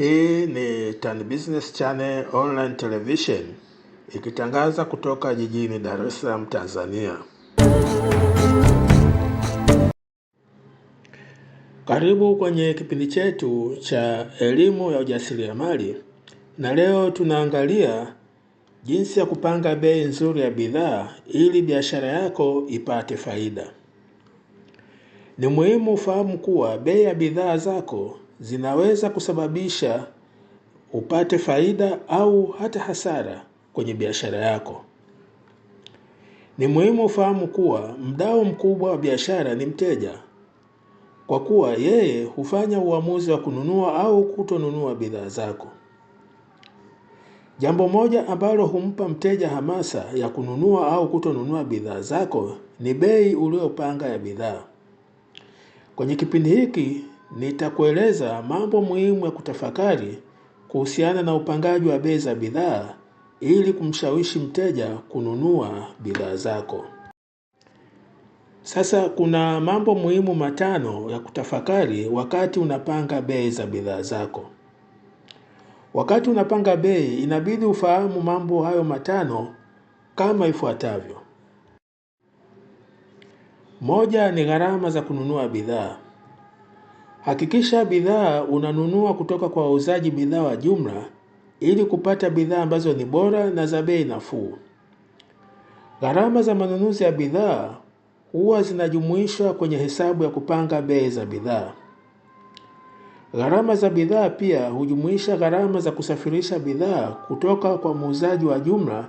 Hii ni Tan Business Channel Online Television ikitangaza kutoka jijini Dar es Salaam, Tanzania. Karibu kwenye kipindi chetu cha elimu ya ujasiriamali, na leo tunaangalia jinsi ya kupanga bei nzuri ya bidhaa ili biashara yako ipate faida. Ni muhimu ufahamu kuwa bei ya bidhaa zako zinaweza kusababisha upate faida au hata hasara kwenye biashara yako. Ni muhimu ufahamu kuwa mdau mkubwa wa biashara ni mteja, kwa kuwa yeye hufanya uamuzi wa kununua au kutonunua bidhaa zako. Jambo moja ambalo humpa mteja hamasa ya kununua au kutonunua bidhaa zako ni bei uliyopanga ya bidhaa. Kwenye kipindi hiki Nitakueleza mambo muhimu ya kutafakari kuhusiana na upangaji wa bei za bidhaa ili kumshawishi mteja kununua bidhaa zako. Sasa kuna mambo muhimu matano ya kutafakari wakati unapanga bei za bidhaa zako. Wakati unapanga bei, inabidi ufahamu mambo hayo matano kama ifuatavyo. Moja ni gharama za kununua bidhaa. Hakikisha bidhaa unanunua kutoka kwa wauzaji bidhaa wa jumla ili kupata bidhaa ambazo ni bora na za bei nafuu. Gharama za manunuzi ya bidhaa huwa zinajumuishwa kwenye hesabu ya kupanga bei za bidhaa. Gharama za bidhaa pia hujumuisha gharama za kusafirisha bidhaa kutoka kwa muuzaji wa jumla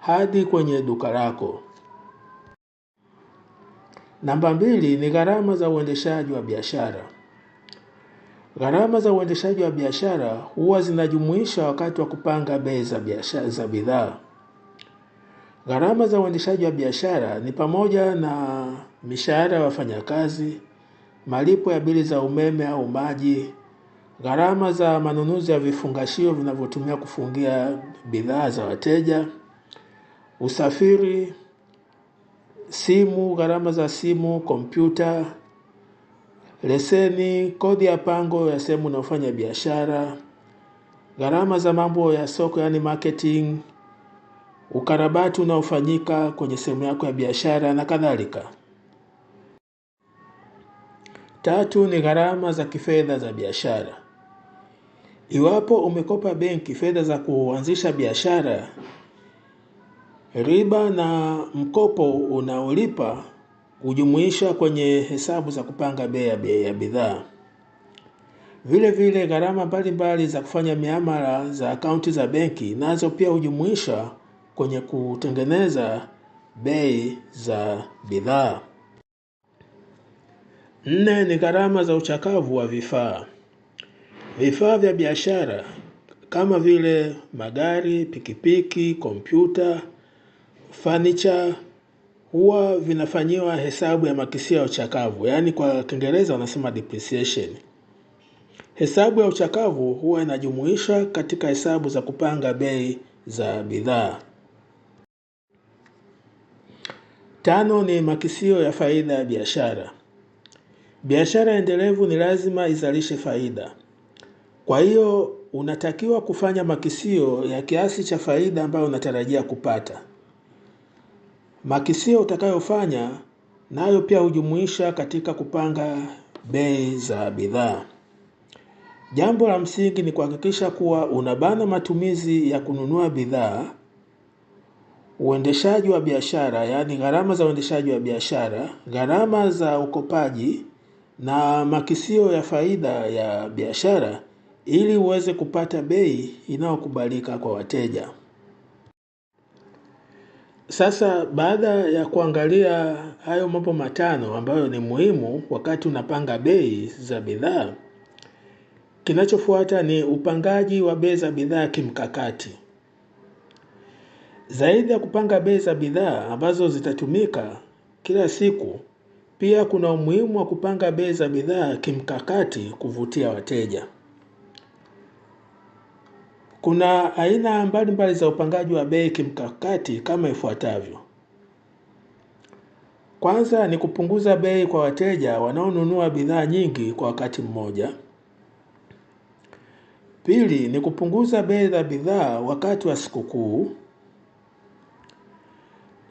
hadi kwenye duka lako. Namba mbili ni gharama za uendeshaji wa biashara. Gharama za uendeshaji wa biashara huwa zinajumuisha wakati wa kupanga bei za biashara za bidhaa. Gharama za uendeshaji wa biashara ni pamoja na mishahara ya wafanyakazi, malipo ya bili za umeme au maji, gharama za manunuzi ya vifungashio vinavyotumia kufungia bidhaa za wateja, usafiri, simu, gharama za simu, kompyuta, leseni, kodi ya pango ya sehemu unaofanya biashara, gharama za mambo ya soko, yani marketing, ukarabati unaofanyika kwenye sehemu yako ya biashara na kadhalika. Tatu ni gharama za kifedha za biashara. Iwapo umekopa benki fedha za kuanzisha biashara, riba na mkopo unaolipa hujumuisha kwenye hesabu za kupanga bei ya bidhaa. Vile vile gharama mbalimbali za kufanya miamala za akaunti za benki nazo pia hujumuisha kwenye kutengeneza bei za bidhaa. Nne ni gharama za uchakavu wa vifaa. Vifaa vya biashara kama vile magari, pikipiki, kompyuta, fanicha huwa vinafanyiwa hesabu ya makisio ya uchakavu, yaani kwa Kiingereza wanasema depreciation. Hesabu ya uchakavu huwa inajumuisha katika hesabu za kupanga bei za bidhaa. Tano ni makisio ya faida ya biashara. Biashara endelevu ni lazima izalishe faida. Kwa hiyo unatakiwa kufanya makisio ya kiasi cha faida ambayo unatarajia kupata. Makisio utakayofanya nayo pia hujumuisha katika kupanga bei za bidhaa. Jambo la msingi ni kuhakikisha kuwa unabana matumizi ya kununua bidhaa, uendeshaji wa biashara, yaani gharama za uendeshaji wa biashara, gharama za ukopaji na makisio ya faida ya biashara ili uweze kupata bei inayokubalika kwa wateja. Sasa baada ya kuangalia hayo mambo matano ambayo ni muhimu wakati unapanga bei za bidhaa, kinachofuata ni upangaji wa bei za bidhaa kimkakati. Zaidi ya kupanga bei za bidhaa ambazo zitatumika kila siku, pia kuna umuhimu wa kupanga bei za bidhaa kimkakati kuvutia wateja. Kuna aina mbalimbali za upangaji wa bei kimkakati kama ifuatavyo. Kwanza ni kupunguza bei kwa wateja wanaonunua bidhaa nyingi kwa wakati mmoja. Pili ni kupunguza bei za bidhaa wakati wa sikukuu.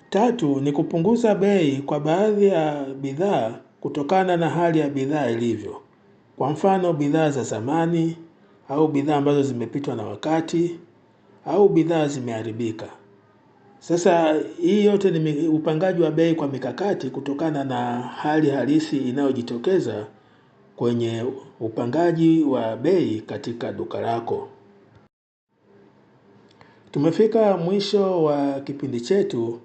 Tatu ni kupunguza bei kwa baadhi ya bidhaa kutokana na hali ya bidhaa ilivyo. Kwa mfano bidhaa za zamani au bidhaa ambazo zimepitwa na wakati au bidhaa zimeharibika. Sasa hii yote ni upangaji wa bei kwa mikakati kutokana na hali halisi inayojitokeza kwenye upangaji wa bei katika duka lako. Tumefika mwisho wa kipindi chetu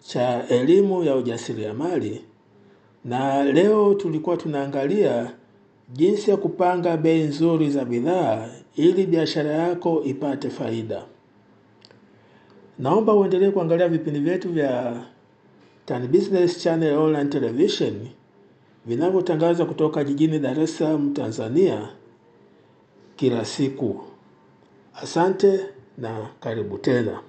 cha elimu ya ujasiriamali na leo tulikuwa tunaangalia Jinsi ya kupanga bei nzuri za bidhaa ili biashara yako ipate faida. Naomba uendelee kuangalia vipindi vyetu vya Tan Business Channel Online Television vinavyotangaza kutoka jijini Dar es Salaam, Tanzania kila siku. Asante na karibu tena.